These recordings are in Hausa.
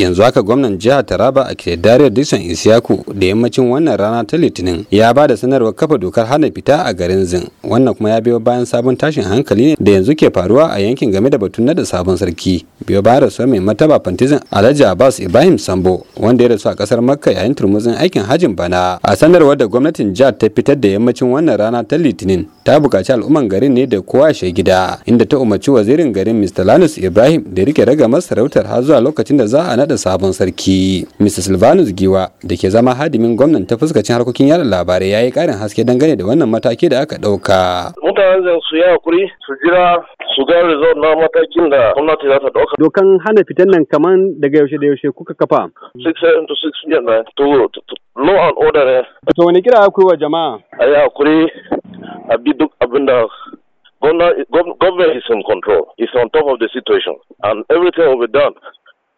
yanzu haka gwamnan jihar taraba a ke dariyar dixon isiyaku da yammacin wannan rana ta litinin ya ba da sanarwar kafa dokar hana fita a garin zin wannan kuma ya biyo bayan sabon tashin hankali ne da yanzu ke faruwa a yankin game da batun nada sabon sarki biyo bayan rasuwar mai mataba fantizin alhaji abbas ibrahim sambo wanda ya rasu a kasar makka yayin turmuzin aikin hajin bana a sanarwar da gwamnatin jihar ta fitar da yammacin wannan rana ta litinin ta buƙaci al'umman garin ne da kowa shi gida inda ta umarci wazirin garin Mr. Lanus Ibrahim da rike raga masarautar har zuwa lokacin da za a nada sabon sarki. Mr. Silvanus Giwa da ke zama hadimin gwamnan ta fuskacin harkokin yada labarai ya yi ƙarin haske dangane da wannan mataki da aka ɗauka. Mutanen su ya kuri su jira su ga result na matakin da gwamnati za ta ɗauka. Dokan hana fitan nan kaman daga yaushe da yaushe kuka kafa. 6 to 6 to law and order ne. Eh. To wani kira akwai wa jama'a? A yi hakuri a bi duk abin da government is in control. is on top of the situation. And everything will be done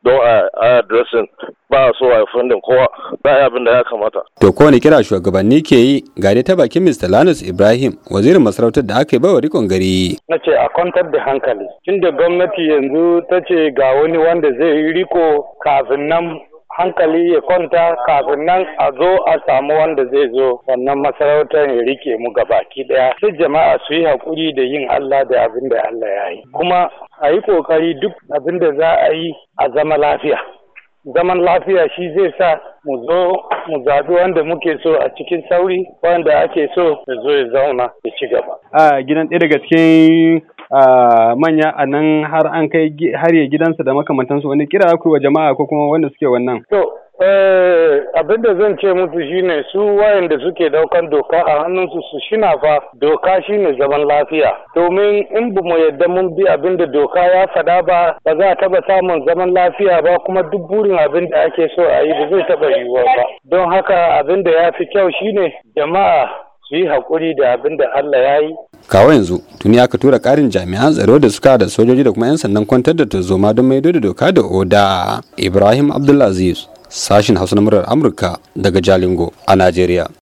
don a addressing ba so a fundin kowa ba abin da ya kamata. To kowane kira shugabanni ke yi ga ta bakin Mr. Lanus Ibrahim wazirin masarautar da aka yi bawa rikon gari. Na ce a kwantar da hankali. Tunda gwamnati yanzu ta ce ga wani wanda zai yi riko kafin nan hankali ya kwanta kafin nan a zo a samu wanda zai zo wannan masarautar ya rike mu gabaki daya sai jama'a su yi hakuri da yin Allah da abin da Allah ya yi kuma a yi kokari duk abin da za a yi a zama lafiya zaman lafiya shi zai sa mu zo mu zaɓi wanda muke so a cikin sauri wanda ake so ya zo ya zauna ya ci gaba. A gidan ɗaya daga cikin manya a nan har an kai har ya gidansa da makamantansu wani kira ku wa jama'a ko kuma wanda suke wannan. To eh, abin da zan ce musu shine su wayanda suke daukan doka a hannunsu su shina fa doka shine zaman lafiya domin in ba mu yadda mun bi abin da doka ya faɗa ba ba za a taba samun zaman lafiya ba kuma duk burin abin da ake so a yi ba zai taba yiwuwa ba don haka abin da ya fi kyau shine jama'a su yi haƙuri da abin da Allah ya yi kawo yanzu tuni aka tura karin jami'an tsaro da suka da sojoji da kuma 'yan sandan kwantar da tarzoma don maido da doka da oda ibrahim abdulaziz sashin hausa na murar amurka daga jalingo a najeriya